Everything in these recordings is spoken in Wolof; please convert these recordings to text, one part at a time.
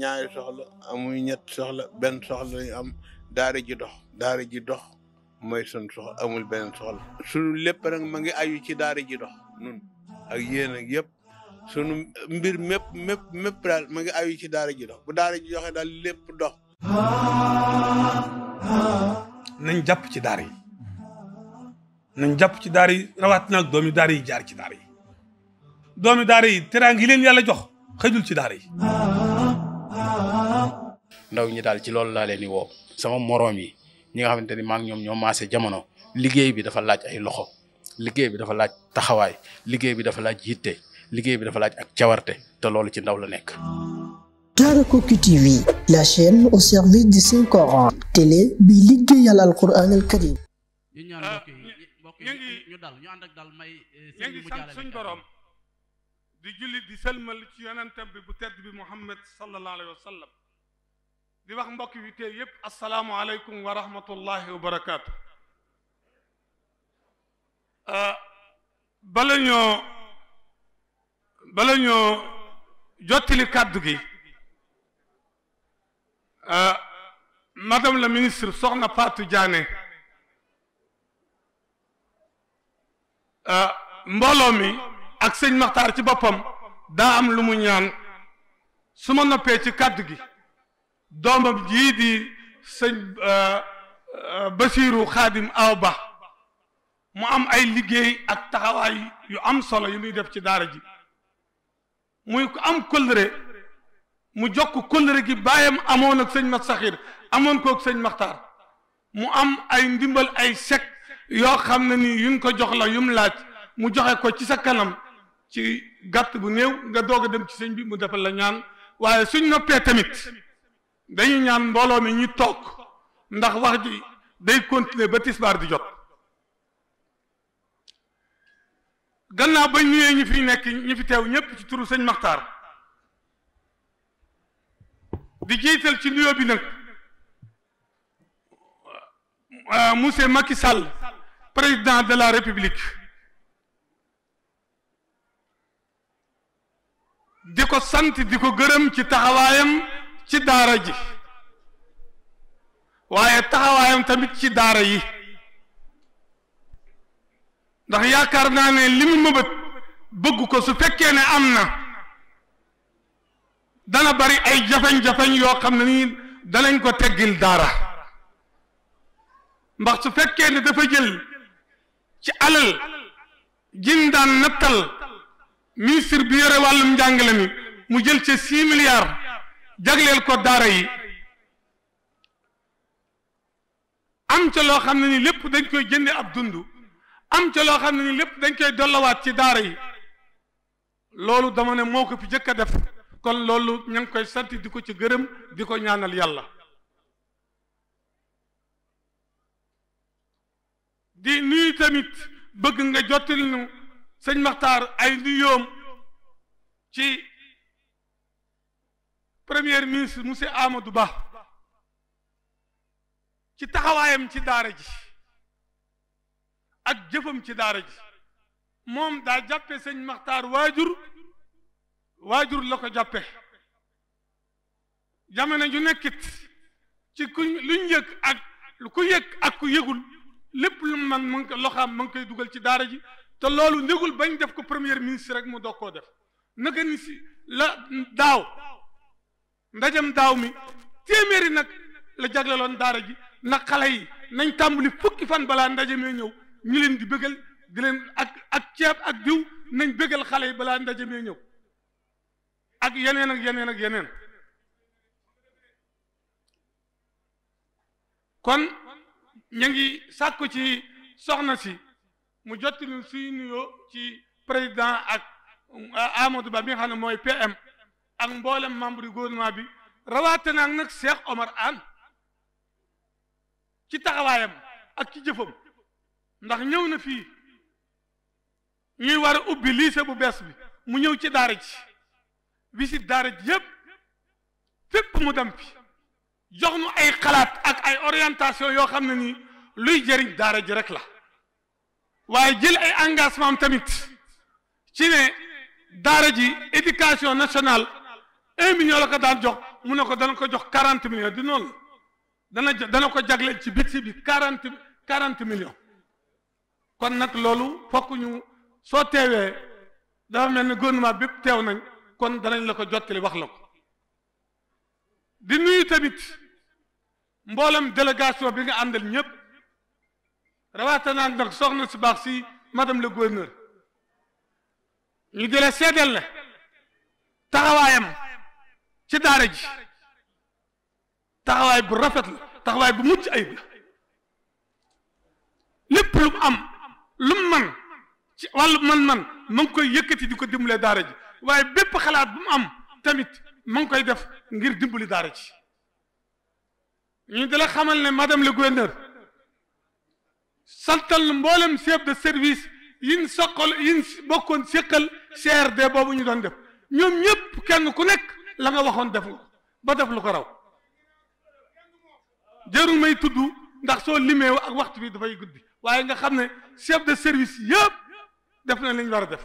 ñaari soxla amuñ ñett soxla benn soxla lañu am daara ji dox daara ji dox mooy sun soxla amul beneen soxla sunu lépp rek ma ngi ayu ci daara ji dox nun ak yéen ak yëpp sunu mbir mépp mépp mépp daal ma ngi ayu ci daara ji dox bu daara ji doxee daal lépp dox nañ jàpp ci daara yi nañ jàpp ci daara yi rawaat nag doomi daara yi jaar ci daara yi doomi daara yi teraangi leen yàlla jox xëjul ci daara yi ndaw ñi daal ci loolu laa leen di woo sama moroom yi ñi nga xamante ni maa ngi ñoom ñoo maase jamono liggéey bi dafa laaj ay loxo liggéey bi dafa laaj taxawaay liggéey bi dafa laaj yitte liggéey bi dafa laaj ak cawarte te loolu ci ndaw la nekk. Daarakoki TV la chaîne au service du Saint Coran télé bi ñaan mbokk yi mbokk yi ñu dal ñu eh, ci yonentam bi bi Muhammad sallallahu alayhi wa sallam. di wax mbokk yi tey yépp asalaamualeykum wa rahmatullahi wa barakaatu euh, bala ñoo bala ñoo jottali kàddu gi euh, madame la ministre soxna Fatou Diané euh, mbooloo mi ak sëñ Maxtaar ci boppam daa am lu mu ñaan su ma noppee ci kàddu gi doomam jii di sëñ euh, euh, Basiiru Xaadim Awa mu am ay liggéey ak taxawaay yu am solo yu muy def ci daara ji muy ko am kóllëre mu jokk kóllëre gi bàyyam amoon ak sëñ Mat Saxir amoon kook sëñ Maxtaar mu am ay ndimbal ay sek yoo xam ne ni yuñ ko jox la yum laaj mu joxe ko ci sa kanam ci gàtt bu néew nga doog a dem ci sëñ bi mu defal la ñaan waaye suñ noppee tamit dañu ñaan mbooloo mi ñu toog ndax wax ji day continuer ba tisbaar di jot gannaaw ba ñëwee ñi fi nekk ñu fi teew ñépp ci turu sëñ Maxtaar di jiital ci nuyoo bi nag euh, monsieur Macky Sall président de la république di ko sant di ko gërëm ci taxawaayam ci daara ji waaye taxawaayam tamit ci daara yi ndax yaakaar naa ne li mu mëbët ko su fekkee ne am na dana bari ay jafeñ-jafeñ yoo xam ne nii danañ ko teggil daara ndax su fekkee ne dafa jël ci alal jin daan nattal ministre bi yore wàllum njàngale mi mu jël ci six milliards jagleel ko daara yi am ca loo xam ne ni lépp dañ koy jënde ab dund am ca loo xam ne ni lépp dañ koy dollawaat ci daara yi loolu dama ne moo ko fi jëkk a def kon loolu ña ngi koy sant di ko ci gërëm di ko ñaanal yàlla di nuyu tamit bëgg nga jottali nu Maxtaar ay nuyoom ci premier ministre monsieur Amadou Ba ci taxawaayam ci daara ji ak jëfam ci daara ji moom daa jàppe sëñ Maxtaar waajur waajur la ko jàppe jamono ju nekkit ci ku luñ yëg ak ku yëg ak ku yëgul lépp lu man mu ngi loxaam mu ngi koy dugal ci daara ji te loolu ndégul bañ def ko premier ministre rek mu doog koo def naka ni si daaw ndajem daaw mi téeméeri nag la jagleloon daara ji nag xale yi nañ tàmbali fukki fan balaa ndaje mee ñëw ñu leen di bëggal di ak ak ceeb ak diw nañ bëggal xale yi balaa ndaje mee ñëw ak yeneen ak yeneen ak yeneen kon ñu ngi sàkku ci soxna si mu jottali suy nuyoo ci président ak Amadou Ba bi mooy PM ak mboolem membre du gouvernement bi rawatina ak nag Cheikh Omar Anne ci taxawaayam ak ci jëfam ndax ñëw na fii ñuy war a ubbi lycée bu bees bi mu ñëw ci daara ji visite daara ji yëpp fépp mu dem fi nu ay xalaat ak ay orientation yoo xam ne nii luy jëriñ daara ji rek la waaye jël ay engagement tamit ci ne daara ji éducation national un million la ko daan jox mu ne ko dana ko jox quarante millions di noon dana dana ko jagle ci bitsi bi quarante quarante millions kon nag loolu fokk ñu soo teewee dafa na ni gouvernement bépp teew nañ kon danañ la ko jottali wax la ko di nuyu tamit mboolem délégation bi nga àndal ñëpp rawatina nag soxna si baax si madame le gouverneur ñu di la seedeel taxawaayam ci daara ji taxawaay bu rafet la taxawaay bu mucc ayib la lépp lu am lu man ci wàllu man-man ngi koy yëkkati di ko dimbale daara ji waaye bépp xalaat bu mu am tamit ma ngi koy def ngir dimbali daara ji ñu di la xamal ne madame le gouverneur santal mboolem chef de service yin soqal yin bokkoon séqal CRD boobu ñu doon def ñoom ñëpp kenn ku nekk la nga waxoon def nga ba def lu ko raw jërul tudd ndax soo limee ak waxtu bi dafay guddi waaye nga xam ne chef de service yëpp def na li ñu war a def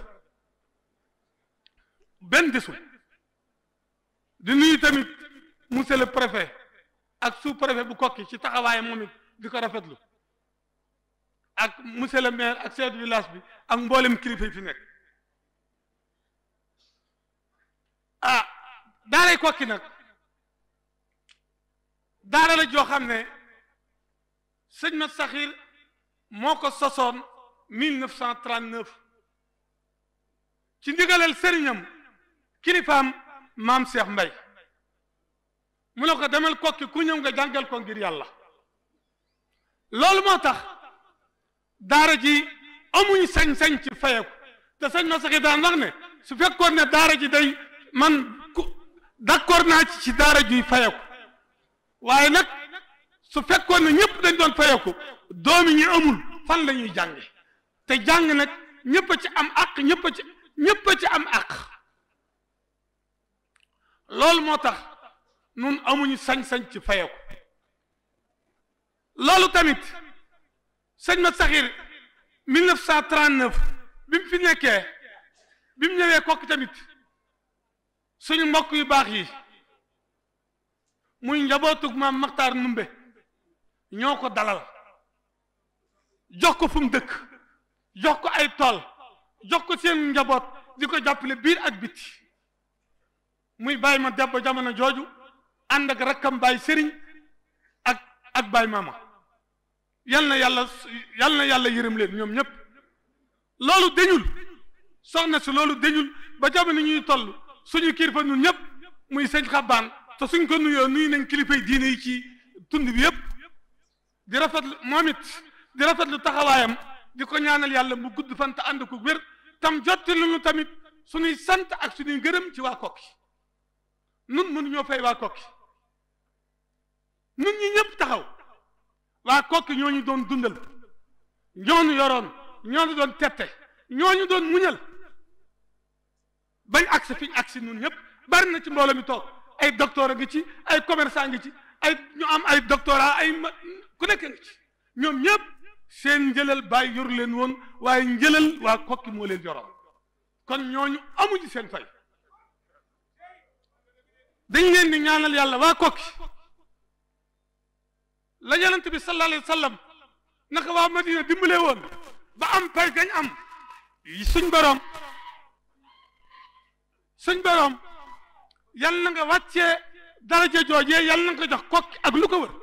benn desul di nuyu tamit musele le préfet ak sous préfet bu kokki ci taxawaay moom it di ko rafetlu ak monsieur le maire ak chef de bi ak mboolem kilifa yi fi nekk ah, daaray kokki nag daara la joo xam ne sëñ Mat Saxiir moo ko sosoon 1939 ci ndigalal sëriñam kilifaam maam Cheikh Mbay mu ne ko demal kokki ku ñëw nga jàngal ko ngir yàlla loolu moo tax daara ji amuñ sañ-sañ ci fayeku te sëñ Mat Saxiir daan wax ne su fekkoon ne daara ji day d'accord naa ci ci daara juy fayeku waaye nag su fekkoon na ñëpp dañ doon fayeku doomi ñi amul fan la ñuy jànge te jàng nag ñëpp a ci am àq ñëpp a ci ñëpp a ci am àq loolu moo tax nun amuñu sañ-sañ ci fayeku loolu tamit sëñ ma saxir 1939 bi mu fi nekkee bi mu ñëwee kokki tamit suñu mbokk yu baax yi muy njabootug maam Maxtaar Numbe ñoo ko dalal jox ko fu dëkk jox ko ay tool jox ko seen njaboot di ko jàppale biir ak biti muy baay ma debbo jamono jooju ànd ak rakkam bàyyi sëriñ ak ak maama yal na yàlla yal na yàlla yërëm leen ñoom ñépp loolu dañul soxna si loolu dañul ba jamono ñuy toll suñu kilifa ñun ñëpp muy sëñ xabbaan te suñ ko nuyoo nuyu nañ kilifay diine yi ci tund bi yëpp di rafetlu moom it di lu taxawaayam di ko ñaanal yàlla mu gudd fan te ànd ko tam jotti lu tamit suñuy sant ak suñuy gërëm ci waa kokki nun mënuñoo fay waa kokki nun ñi ñëpp taxaw waa kokki ñooñu doon dundal ñooñu yoroon ñooñu doon tette ñooñu doon muñal bañ agsi fi ñu agsi ñun ñëpp bari na ci mbooloo mi toog ay docteur a ci ay commerçant ngi ci ay ñu am ay doctorat ay ku nekk ngi ci ñoom ñëpp seen njëlal bàyyi yor leen woon waaye njëlal waa kokki moo leen yoroon kon ñooñu amuñu seen fay dañ leen di ñaanal yàlla waa kokki la yonent bi sallallahu alayhi wa sallam naka waa Madina dimbale woon ba am pay gañ am suñ borom suñ borom yal na nga wàccee daraja joojee yal na nga jox kokki ak lu ko wër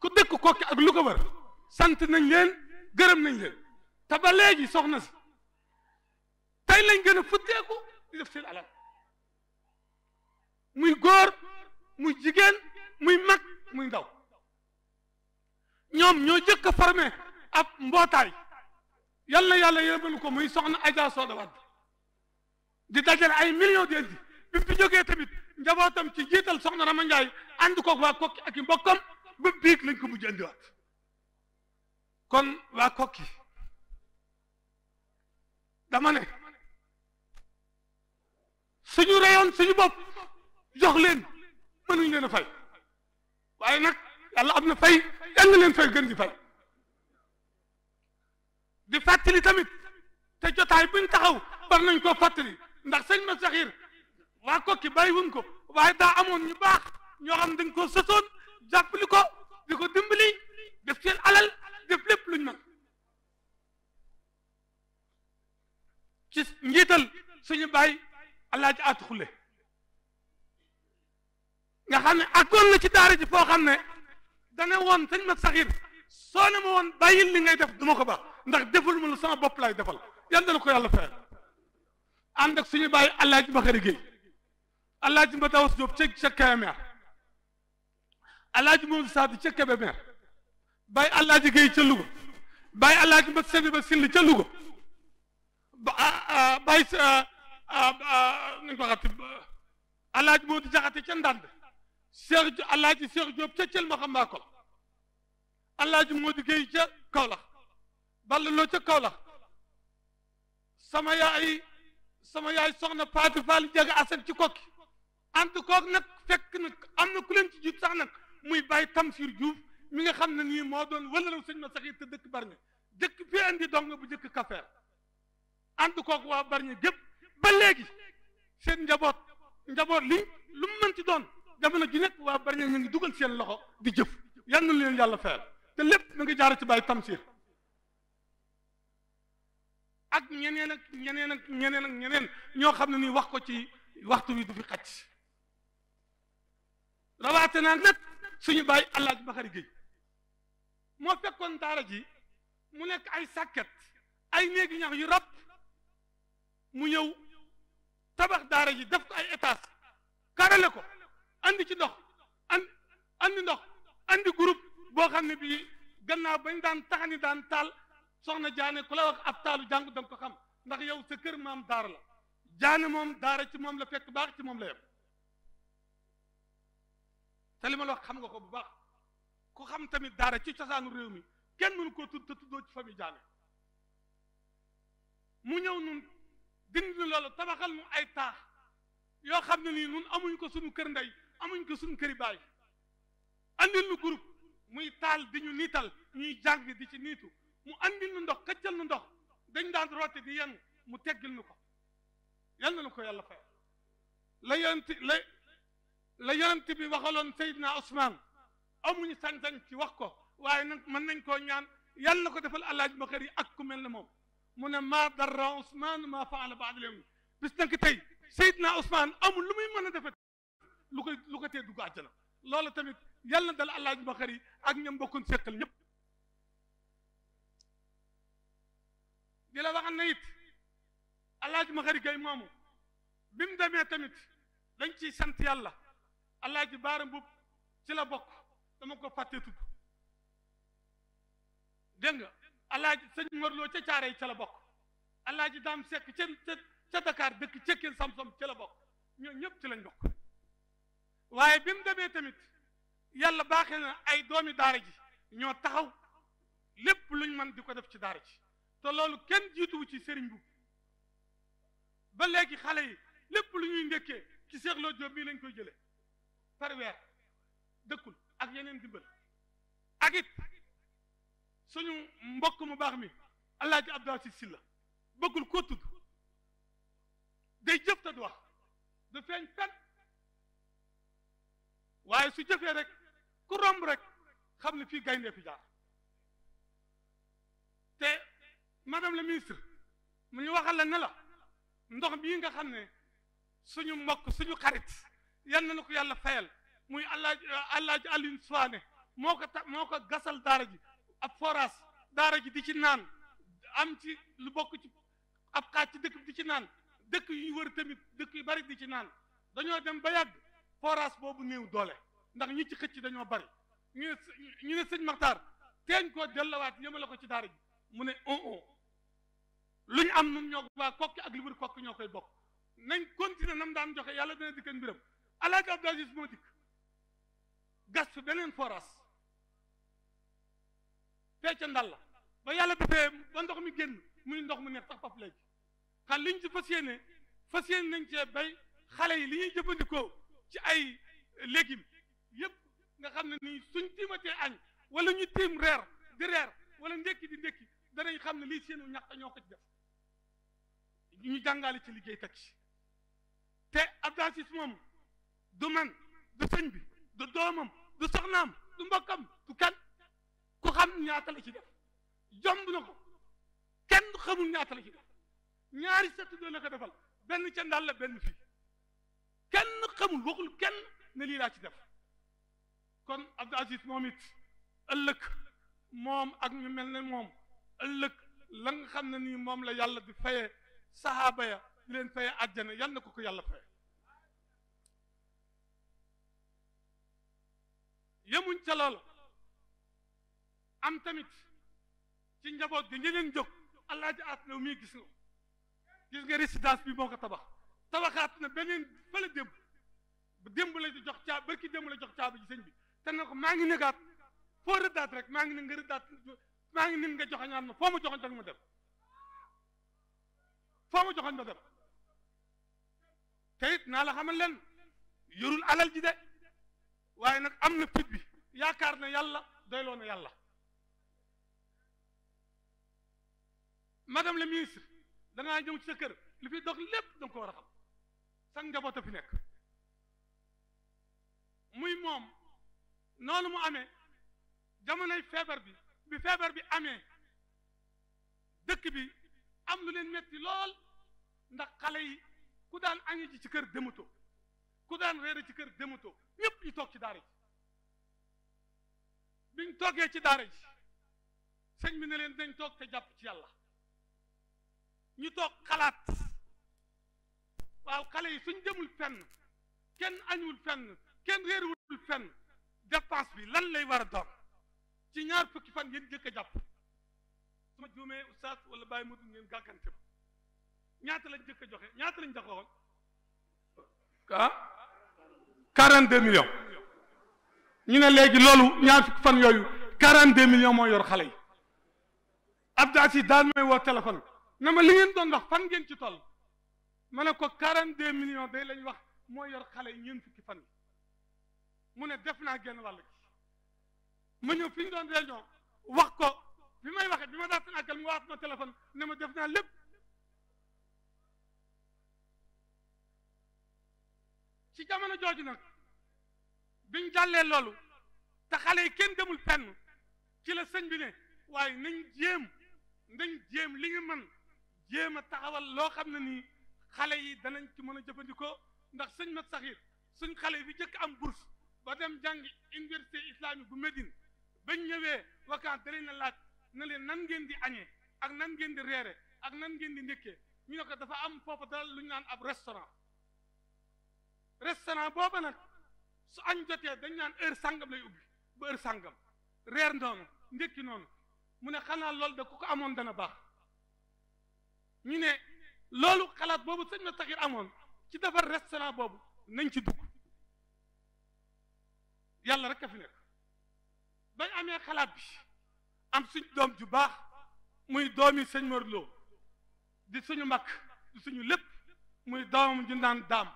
ku dëkk kokki ak lu ko wër sant nañ leen gërëm nañ leen te ba léegi soxna si tey lañ gën a futteeku di def seen alal muy góor muy jigéen muy mag muy ndaw ñoom ñoo jëkk a formé ab na yàlla yàlla yërëmal ko muy soxna Adja Soda Wade di dajale ay million di indi bi mu tamit njabootam ci jiital soxna Rama Ndiaye ànd koog waa kokki ak i mbokkam ba biig lañ ko mujj andiwaat kon waa kokki dama ne suñu reyoon suñu bopp leen mënuñ leen a fay waaye nag yàlla am na fay yàlla leen fay gën di fay di fàttali tamit te jotaay buñ taxaw war nañ koo fàttali ndax sëñ ma saxir waa kokki bàyyi wuñ ko waaye daa amoon ñu baax ñoo xam dañ ko sësoon jàppali ko di ko dimbali def seen alal def lépp luñ mën ci njiital suñu bàyyi alaaji aatu xulle nga xam ne àggoon na ci daara ji foo xam ne dana woon sëñ ma saxir soo ne ma woon bàyyil li ngay def duma ko ba ndax deful ma lu sama bopp laay defal yàlla na ko yàlla fayal ànd ak suñu bàyyi allah ji Bakari Gueye allah ji Matawas Diop ca ca Kébémer allah ji Momadou Saddi ca Kébémer bàyyi allah ji Ba Sill ca Louga ba bàyyi nañ ko waxati allah ji Modou Jaxate ca Ndande Cheikh allah ji Cheikh Diop ca Thiel Maxamba Kol Balla Lo ca Kaolack sama yaay. sama yaay soxna Fatou Fall jaga asan ci kokki ant kook nag fekk nag am na ku leen ci jiit sax nag muy bàyyi Tamsir Diouf mi nga xam ne nii moo doon wëlalaw sëñ ma sax it te dëkk Bargny dëkk fii andi dong bu jëkk Kafeer ant kook waa Bargny gépp ba léegi seen njaboot njaboot li lu mu mën ci doon jamono ji nekk waa Bargny ñu ngi dugal seen loxo di jëf yal na leen yàlla fayal te lépp mu ngi jaar ci bàyyi Tamsir ak ñeneen ak ñeneen ak ñeneen ñoo xam ne nii wax ko ci waxtu wi du fi xaj rawaate naa nag suñu bàyyi Alaaji Bakari Géey moo fekkoon daara ji mu nekk ay sàkket ay néegi ñax yu rab mu ñëw tabax daara ji def ko ay étage karale ko andi ci ndox and andi ndox andi groupe boo xam ne bii gannaaw bañ daan taxani daan taal soxna jaane ku la wax ab taalu jàng danga ko xam ndax yow sa kër maam daara la jaane moom daara ci moom la fekk baax ci moom la yem te li ma la wax xam nga ko bu baax ku xam tamit daara ci cosaanu réew mi kenn mënu koo tudd te tuddoo ci famille jaane mu ñëw nun dindi loolu tabaxal nu ay taax yoo xam ne nii nun amuñ ko suñu kër ndey amuñ ko suñu këri baay andil nu groupe muy taal di ñu niital ñuy jàng di ci niitu mu andil nu ndox këccal nu ndox dañ daan roote di yenn mu teggil nu ko yal na nu ko yàlla fayal la yonent la la yonent bi waxaloon Seydina Ousmane amuñu sañ-sañ ci wax ko waaye nag mën nañ koo ñaan yàlla ko defal alaaj bakar yi ak ku mel ne moom mu ne maa darra Ousmane maa faala baadal yawm bis nag tey Seydina Ousmane amul lu muy mën a defet lu lu ko tee dugg àjjana loolu tamit yàlla dal alaaj bakar yi ak ñam bokkoon seqal ñëpp alaaji ma xari moomu bi mu demee tamit dañ ciy sant yàlla alaaji baare mbub ci la bokk dama ko fàttee tudd dégg nga alaaji sëñ morloo ca caare yi ca la bokk alaaji daam sekk ca ca ca Dakar dëkk cëkkeen sam-sam ca la bokk ñoo ñëpp ci lañ bokk waaye bi mu demee tamit yàlla baaxee na ay doomi daara ji ñoo taxaw lépp luñ mën di ko def ci daara ji te loolu kenn jiituwu ci sëriñ bu ba léegi xale yi lépp lu ñuy njëkkee ci Cheikh Lo Diop bii lañ koy jële par weer dëkkul ak yeneen dimbal ak it suñu mbokk mu baax mi Alaaji Abdou Aziz Sylla bëggul koo tudd day jëf te du wax du feeñ fen waaye su jëfee rek ku romb rek xam ne fii gayndee fi jaar te madame la ministre mu ñu waxal la ne ndox bii nga xam ne suñu mbokk suñu xarit yal na ko yàlla fayal muy Alaaji Alaaji Alioune Souané moo ko ta moo ko gasal daara ji ab forage daara ji di ci naan am ci lu bokk ci ab xaaj ci bi di ci naan dëkk yi wër tamit dëkk yi bari di ci naan dañoo dem ba yàgg forage boobu néew doole ndax ñi ci xëcc dañoo bari ñu ne ñu ne sëñ Maxtaar teeñ koo dellowaat yëmale ko ci daara ji mu ne on lu am nun ñoo waa kokki ak li wër kokki ñoo koy bokk nañ continuer nam daan joxe yàlla di dikkan mbiram alaaji Abdou Aziz moo dikk gas fi beneen forage fecca ndal la ba yàlla defee ba ndox mi génn muy ndox mu nekk sax faf léegi xan liñ ci fas yéene fas nañ cee bay xale yi li ñuy jëfandikoo ci ay légumes yëpp nga xam ne nii suñ tiimatee añ wala ñu tiim reer di reer wala ndekki di ndékki danañ xam ne lii seenu ñàkk ñoo ko ci def ñu jàngale ci liggéey teg te Abdou moom du man du sëñ bi du doomam du soxnaam du mbokkam du kan ku xam ñaata la ci def jomb na ko kenn xamul ñaata la ci def ñaari sett doon na ko defal benn ca ndàll benn fii kenn xamul waxul kenn ne lii laa ci def kon Abdou Aziz moom it ëllëg moom ak mel ne moom ëllëg la nga xam ne nii moom la yàlla di fayee saxaaba ya di leen faye yal na ko ko yàlla faye yemuñ ca loola am tamit ci njaboot gi ñi leen jóg alaaji at law mii gis nga gis nga résidence bi moo ko tabax tabaxaat na beneen fële démb démb la jox caab barki démb la jox caab ji sëñ bi te ko maa ngi negaat foo rëddaat rek maa ngi ne nga rëddaat maa ngi ne nga joxañaan ma foo ma mu rek ma dem foo mu joxoñ ba gëm naa la xamal leen yorul alal ji de waaye nag am na pit bi yaakaar na yàlla doyloo na yàlla madame la ministre da ngaa ci sa kër li fi dox lépp da nga ko war a fi nekk muy moom noonu mu amee jamonoy feebar bi bi feebar bi amee dëkk bi am lu leen metti lool ndax xale yi ku daan añu ji ci kër dematoo ku daan reere ci kër dematoo ñëpp ñu toog ci daara ji biñ toogee ci daara ji sëñ bi ne leen dañ toog te jàpp ci yàlla ñu toog xalaat waaw xale yi suñ demul fenn kenn añuwul fenn kenn réerwul fenn dépense bi lan lay war a ci ñaar fukki fan yéen jëkk jàpp ma juumee oustaz wala baay mu ngeen gàkkante ma ñaata lañ jëkk a joxe ñaata lañ joxe woon ah 42 millions ñu ne léegi loolu ñaar fukki fan yooyu 42 millions moo yor xale yi Abdou Aziz daal may woo téléphone na ma li ngeen doon wax fan ngeen ci tol ma ne ko 42 millions day lañ wax moo yor xale yi ñeent fukki fan mu ne def naa genn ñu doon bi may waxee bi ma daataan àggal mu waat na téléphone ne ma def naa lépp ci jamono jooju nag biñ jàllee loolu te xale yi kenn demul fenn ci la sëñ bi ne waaye nañ jéem nañ jéem li nga mën a taxawal loo xam ne nii xale yi danañ ci mën a jëfandikoo ndax sëñ mat saxiir suñ xale bi jëkk am bourse ba dem jàngi université islamique bu Médine bañ ñëwee vacances danañ na laaj na leen nan ngeen di añee ak nan ngeen di reere ak nan ngeen di ndékkee ñu ne ko dafa am foofu dal lu ñu naan ab restaurant restaurant booba nag su añ jotee dañ naan heure sàngam lay ubbi ba heure sàngam reer noonu ndékki noonu mu ne xanaa loolu da ku ko amoon dana baax ñu ne loolu xalaat boobu sëñ na taxir amoon ci defar restaurant boobu nañ ci dugg yàlla rek fi nekk bañ amee xalaat bi am suñ doom ju baax muy doomi sëñ Mor Lo di suñu mag di suñu lépp muy doomam ju naan daam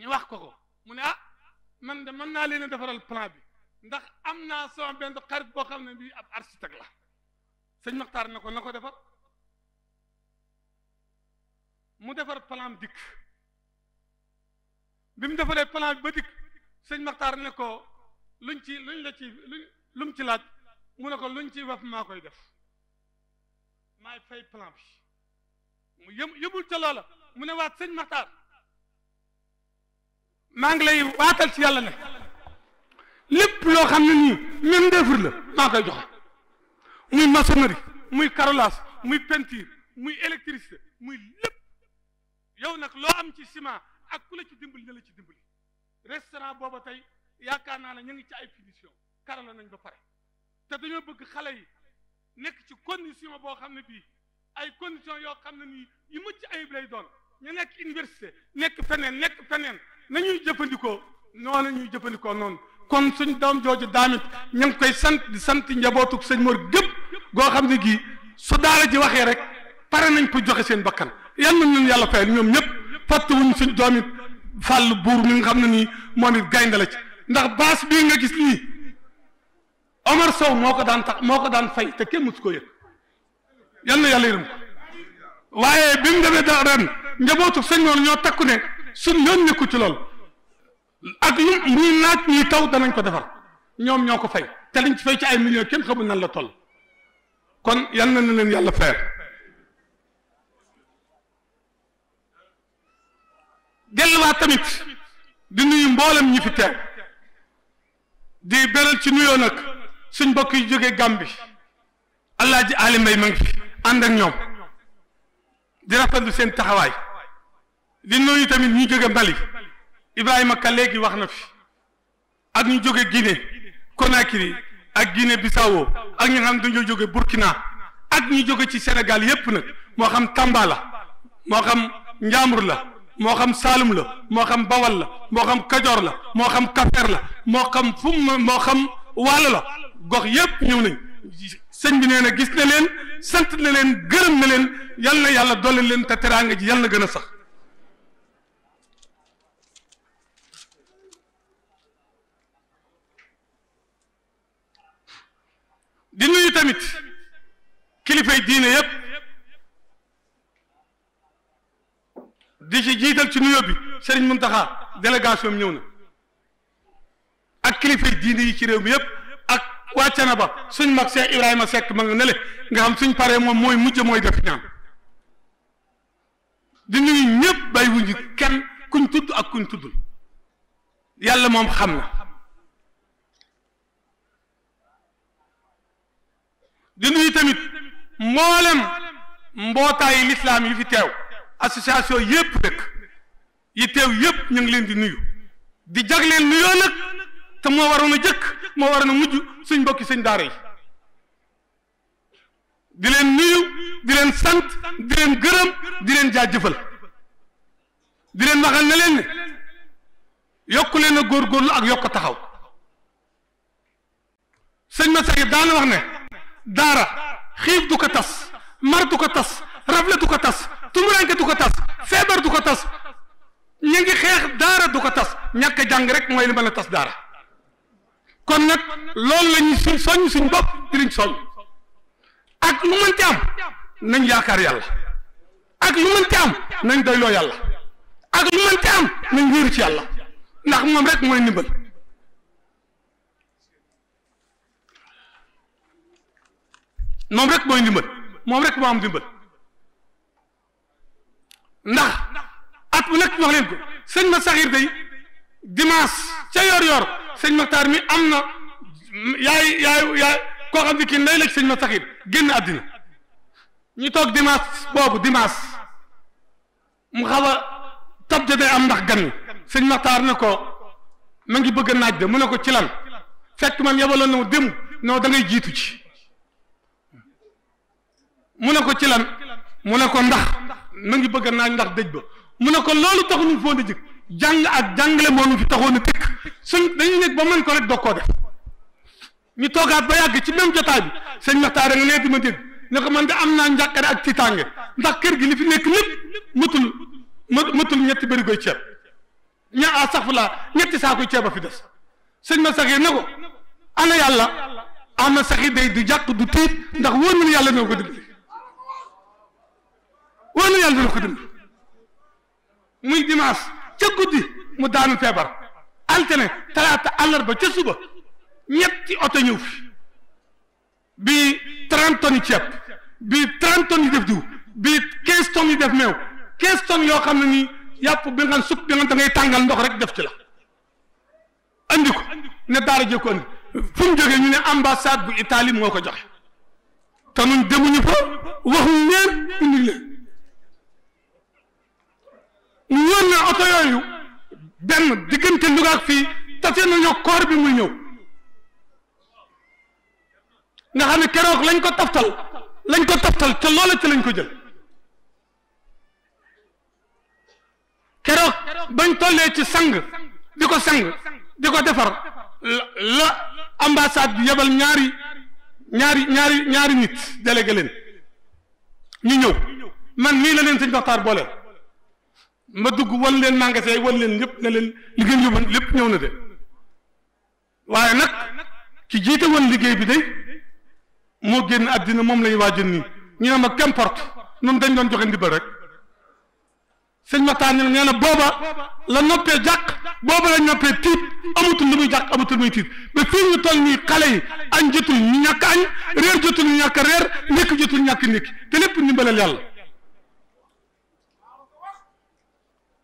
ñu wax koko mu ne ah man de mën naa leen a defaral plan bi ndax am naa sama benn xarit boo xam ne bii ab architecte la sëñ Maxtaar na ko na ko defar mu defar plan dikk bi mu defaree plan bi ba dikk sëñ Maxtaar ne ko luñ ci luñ la ci luñ lu mu ci laaj mu ne ko luñ ci wef maa koy def maay fay plan bi mu yëm yëmul ca loola mu ne waat sëñ Maxtaar maa ngi lay waatal ci yàlla ne lépp loo xam ne nii même defar la maa koy joxe muy maçonnerie muy carrelage muy peinture muy électricité muy lépp yow nag loo am ci ciment ak ku ci dimbali na la ci dimbali restaurant booba tey yaakaar naa ne ñu ngi ci ay finition karala nañ ba pare te dañoo bëgg xale yi nekk ci condition boo xam ne bii ay condition yoo xam ne nii yi yu mucc ayib lay doon ñu nekk université nekk feneen nekk feneen nañuy jëfandikoo noonu ñuy jëfandikoo noonu kon suñ doom jooju daamit ñu ngi koy sant di sant njabootu sëñ Mor gépp goo xam ne gii su daara ji waxee rek pare nañ ko joxe seen bakkan yan nañ leen yàlla fayal ñoom ñëpp fàtte wuñ suñ doom it fàll buur mi nga xam na nii moom it gaynde la ci ndax baas bii nga gis nii Omar Sow moo ko daan tax moo ko daan te kenn musu ko yëg yal na yàlla yërëm ko waaye bi mu demee da ren njabootu sëñ loolu ñoo takku ne suñ ñoon nekku ci lool ak yu ñuy naaj ñuy taw danañ ko defar ñoom ñoo ko fay te liñ ci fay ci ay millions kenn xamul nan la tol kon yal na leen yàlla feer delluwaat tamit di nuyu mboolem ñi fi teew di beral ci nuyoo nag suñ mbokk yi jógee Gàmbi Alaaji Ali Mbay ma ngi fi ànd ak ñoom di rafetlu seen taxawaay di nuyu tamit ñu jóge Mali Ibrahima Ka léegi wax na fi ak ñu jóge Guinée Conakry ak Guinée Bissau ak ñi nga xam dañoo jóge ak ñu jóge ci senegal yépp nag moo xam Tamba la moo xam Njambur la moo xam Saalum la moo xam Bawal la moo xam Kajoor la moo xam Kafeer la moo xam fu moo xam Waalo gox yépp ñëw nañ sëñ bi nee na gis na leen sant na leen gërëm na leen yal na yàlla dole leen te teraanga ji yal na gën a sax di nuyu tamit kilifay diine yépp di ci jiital ci nuyoo bi sëriñ Muntaxa délégation ñëw na ak kilifay diine yi ci réew mi yépp wàcce na ba suñ mag Cheikh Ibrahima Seck ma nga nele nga xam suñ paree moom mooy mujj mooy def ñaan di nuyu ñëpp bay wuñu kenn kuñ tudd ak kuñ tuddul yàlla moom xam na di nuyu tamit mboolem mbootaayi lislaam yi fi teew association yëpp rek yi teew yëpp ñu ngi leen di nuyu di jagleel nuyoo nag te moo waroon jëkk moo war a mujj suñ mbokki sëñ daara yi di leen nuyu di leen sant di leen gërëm di leen jaajëfal di leen waxal ne leen ne yokku leen a góorgóorlu ak yokk taxaw sëñ ma sagi daana wax ne daara xiif du ko tas mar du ko tas rafle du ko tas tumuranke du ko tas feebar du ko tas ñu ngi xeex daara du ko tas ñàkk jàng rek mooy li mën a tas daara kon nag lool la ñuy suñ soññ suñ bopp di liñ ak lu mënti am nañ yaakaar yàlla ak lu mënti am nañ doyloo yàlla ak lu mënti am nañ wéeru ci yàlla ndax moom rek mooy ndimbal moom rek mooy ndimbal ndax at bu nekk wax leen ko sëñ ma saxiir day dimanche ca yor yor sëñ Maxtaar mi am na yaay yaay yaay koo xam la ci sëñ ma saxir génn àddina ñu toog dimanche boobu dimanche mu xaw a tabde day am ndax gan sëñ Maxtaar ne ko ma ngi bëgg naaj de mu ne ko ci lan fekk man yebaloon na mu dem non da ngay jiitu ci mu ne ko ci lan mu ne ko ndax ma ngi bëgg a naaj ndax dëj ba mu ne ko loolu taxu ñu foo di jàng ak jàngale moo ñu fi taxoon a tëkk suñ dañuy nekk ba mën ko rek dog def ñu toogaat ba yàgg ci même jotaay bi sëñ Maxtaar nga nee di ma dégg ne man de am naa njàqare ak tiitaange ndax kër gi li fi nekk lépp mëtul mëtul ñetti bërigoy ceeb ña a ah, sax ñetti saakoy ceeb a fi des sëñ ma sax yi ne ko ana yàlla ama ah, sax yi day du jàq du tiit ndax wóor na yàlla dina ko dimbali wóor na yàlla dina ko dimbali muy dimanche ca guddi mu daanu feebar altine talaata àllarba ca suba ñetti oto ñëw fi bii trente yi ceeb bii trente tonnes yi def diw bii quinze tonnes yi def meew quinze tonnes yoo xam ne nii yàpp bi nga supp bi ngay tàngal ndox rek def ci la andi ne daara jee ko andi fu mu ñu ne ambassade bu Italie moo ko joxe te demuñu fa waxuñ leen indi ñu yóon na oto yooyu benn diggante Louga ak fii tase nañoo koor bi muy ñëw nga xam ne keroog lañ ko taftal lañ ko taftal te loola ci lañ ko jël keroog bañ tollee ci sang di ko sang di ko defar la ambassade bi yebal ñaari ñaari ñaari ñaari nit délégué leen ñëw man nii la leen sëñ Baxtaar booleel ma dugg wan leen magasin yi wan leen lépp ne leen liggéey yu mën lépp ñëw na de waaye nag ki jiite woon liggéey bi day moo génn àddina moom lañu waajal nii ñu ne ma qu'importe ñun dañ doon joxe ndimbal rek sëñ Makhtar ñu nee na booba la noppee jàq booba la noppee tiit amatul lu muy jàq amatul muy tiit ba fii ñu toll nii xale yi añ jotul ñu ñàkk añ réer ñu ñàkk réer ndékki jotul ñàkk ndékki te lépp ndimbalal yàlla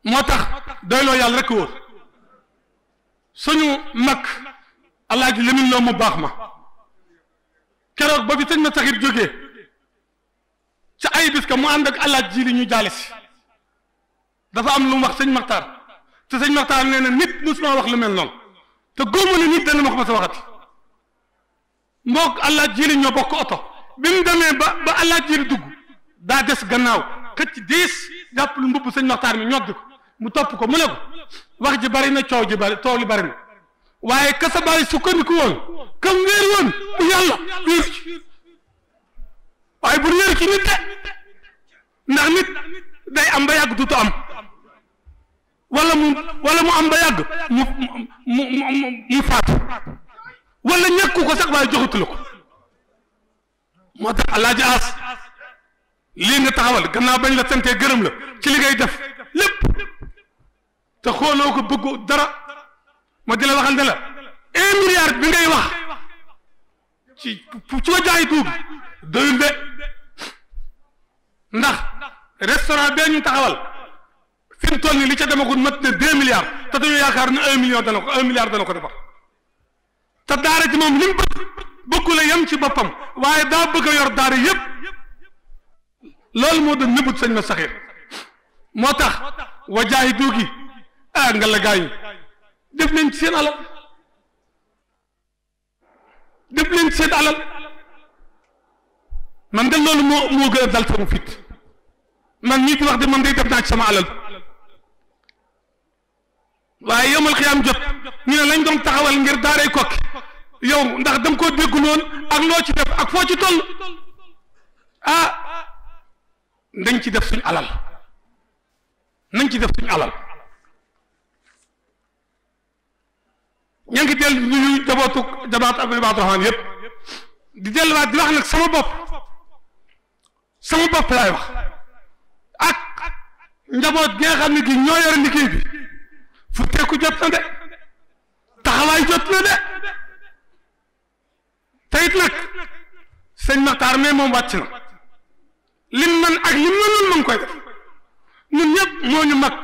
moo tax doyloo yàlla rek wóor suñu mag alaaji Lamine loo mu baax ma keroog ba fi sëñ ma saxit jógee ca ay bis mu ànd ak alaaji jii li ñu jaale si dafa am lu mu wax sëñ Maxtaar te sëñ Maxtaar nee na nit musuma wax lu mel noonu te góomu ni nit dana ma ko ma sa waxati mboog alaaji ji li ñoo bokk oto bi mu demee ba ba alaaji li dugg daa des gannaaw xëcc diis jàpp lu mbubb sëñ Maxtaar mi ñodd ko mu topp ko mu ne wax ji bari na coow ji bari coow li bari na waaye kasa bàyyi sukkandiku woon kam wéer woon mu yàlla wéeru waaye bu wéeru ci nit de ndax day am ba yàgg dutu am wala mu wala mu am ba yàgg mu mu mu mu faatu wala ñàkku ko sax waaye joxatu la ko moo tax alaaji aas lii nga taxawal gannaaw bañ la santee gërëm la ci li ngay def lépp te xooloo ko bëggoo dara ma di la waxal ne la milliard bi ngay wax ci ci wa jaay tuubi doyul ndax restaurant bee ñu taxawal fi mu toll nii li ca demagul mat ne deux milliards te dañoo yaakaar ne un million dana ko un milliard dana ko defar te daara ci moom li mu la yem ci boppam waaye daa bëgg a yor daara yépp loolu moo doon nëbbut sëñ ma saxiir moo tax wa jaay duugi ah nga la gaañu def leen ci seen alal def leen ci seen alal man de loolu moo moo gën a dal sama fit man ñi ko wax de man day def naa ci sama alal waaye yomal xiyaam jot ñu ne lañ doon taxawal ngir daaray kokki yow ndax dam koo déggu noonu ak loo ci def ak foo ci toll ah dañ ci def suñ alal nañ ci def suñ alal ña ngi del nuyu jabootu jabaatu Abdou Abdourahmane yëpp di delluwaat di wax nag sama bopp sama bopp laay wax ak njaboot gi nga xam ne gi ñoo yore de taxawaay jot de te nag sëñ Maxtaar mais moom wàcc na ak lim mënoon ma koy def ñun moo ñu mag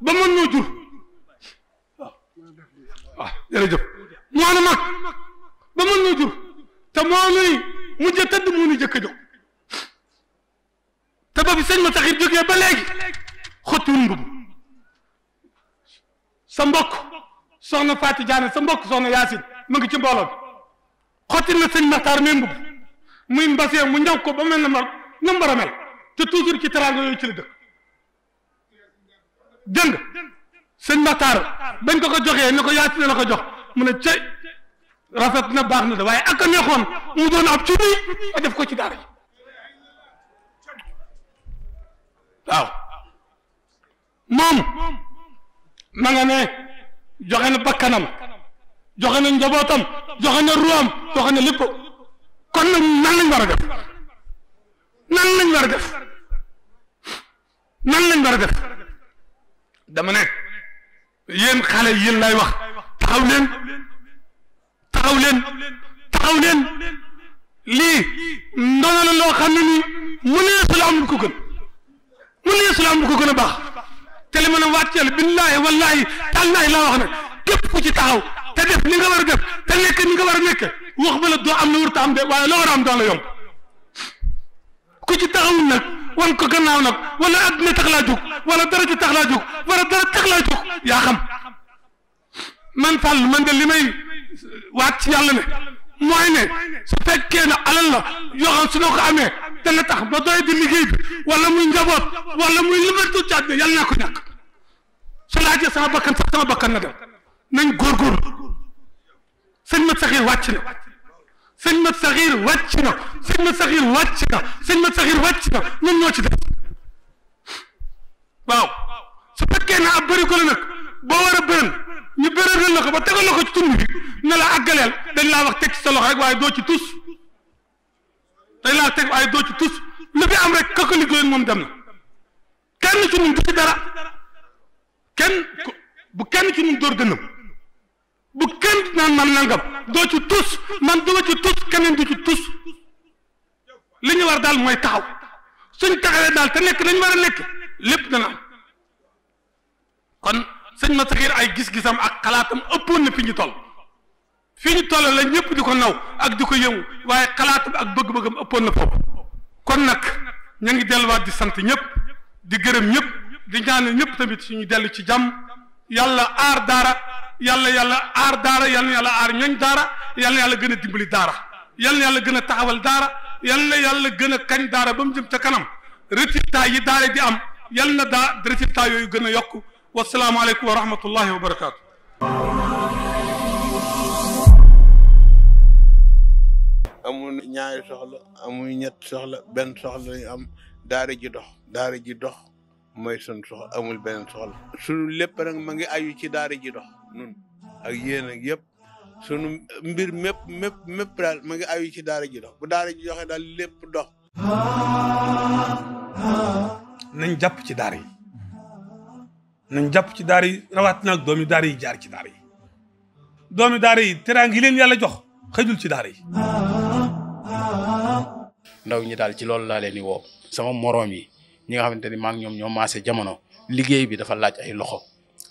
ba mën ñoo jur jërëjëf moo nu mag ba mën nu jur te moo nuy mujj a tëdd mu jëkk a jóg ba bi sëñ ma taxit jógee ba léegi xottiwul mbub sa mbokk soxna Faati Jaane sa mbokk soxna Yaasin mu ngi ci mbooloo bi na sëñ Maxtaar mi mbub muy mbasee mu ñaw ko ba mel na ma na mbar a mel te toujours ci teraanga yooyu ci la dëkk sëñ Maxtaar bañ ko ko joxee ne ko yaati na ko jox mu ne ce rafet na baax na de waaye ak a neexoon mu doon ab ci a def ko ci daara ji waaw moom ma nga ne joxe na bakkanam joxe na njabootam joxe na ruwaam joxe na lépp kon nag nan war a def nan lañ war a def lañ war a def dama ne yéen xale yéen lay wax taxaw leen taxaw leen taxaw leen lii ndono la loo xam ne nii mu nee su la am ko gën mu nee su la am ko gën a baax te li ma la wàcceel billaahi wallaahi tallaahi laa wax nag képp ku ci taxaw te def li nga war a def te nekk ni nga war a nekk wax ba la doo am na wër ta am de waaye loo war a am daan la yomb ku ci taxawul nag wan ko gannaaw nag wala adduna tax laa jóg wala dara ci tax laa jóg wala dara tax laa jóg yaa xam man fàll man de li may waat ci yàlla ne mooy ne su fekkee ne alal la yoo xam su na ko amee dana tax ba doy di liggéey bi wala muy njaboot wala muy liberté ci àddina yàlla naa ko ñàkk su laajee sama bakkan sax sama bakkan na dem nañ góorgóorlu sëñ Mat Saxiir wàcc na sëñ Mat Saxiir wàcc na sëñ Mat Saxiir wàcc na sëñ Mat Saxiir wàcc ñoo ci def waaw su fekkee na ab bëri ko la boo war a bërën ñu bërënal la ko ba tegal la ko ci tund bi la àggaleel dañ laa wax teg ci sa loxo rek waaye doo ci tus dañ laa teg waaye doo ci tus am rek kooku liggéeyoon moom dem na kenn ci ñun du dara kenn bu kenn ci ñun door dënnam bu kenn naan man nangam doo ci tus man duma ci tus keneen du ci tus li ñu war daal mooy taxaw suñ taxawee daal te nekk dañ war nekk lépp dana am kon sëñ Masakir ay gis-gisam ak xalaatam ëppoon na fi ñu toll fi ñu toll la ñëpp di ko naw ak di ko yëngu waaye xalaatam ak bëgg-bëggam ëppoon na foofu kon nag ña ngi delluwaat di sant ñëpp di gërëm ñëpp di ñaanal ñëpp tamit suñu dellu ci jàmm yàlla aar daara yàlla yàlla aar daara yàlla yàlla aar ñoñ daara yàlla yàlla gën a dimbali daara yàlla yàlla gën a taxawal daara yàlla yàlla gën a kañ daara ba mu jëm ca kanam résultat yi daara di am. yal na daa résultat yooyu gën a yokk wasalaamaaleykum wa rahmatullahi wa barakaatu. amul ñaari soxla amul ñett soxla benn soxla lañu am daara ji dox daara ji dox mooy sun soxla amul benn soxla sunu lépp rek ma ngi ayu ci daara ji dox nun ak yéen ak sunu mbir mépp mépp mépp daal ma ngi ayu ci daara ji dox bu daara ji doxee daal lépp dox nañ jàpp ci daar yi nañ jàpp ci daar yi rawaat nag doomi daar yi jaar ci daara yi doomi daara yi teraangi leen yàlla jox xëjul ci daar yi ndaw ñi daal ci loolu laa leen di woo sama moroom yi ñi nga xamante ni maa ñoom ñoo maase jamono liggéey bi dafa laaj ay loxo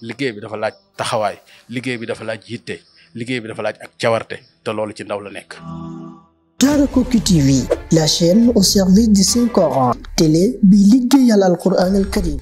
liggéey bi dafa laaj taxawaay liggéey bi dafa laaj yitte liggéey bi dafa laaj ak cawarte te loolu ci ndaw la nekk Daarakoki TV la chaîne au service di Saint Coran télé bi liggéeyal al Qur'an al Karim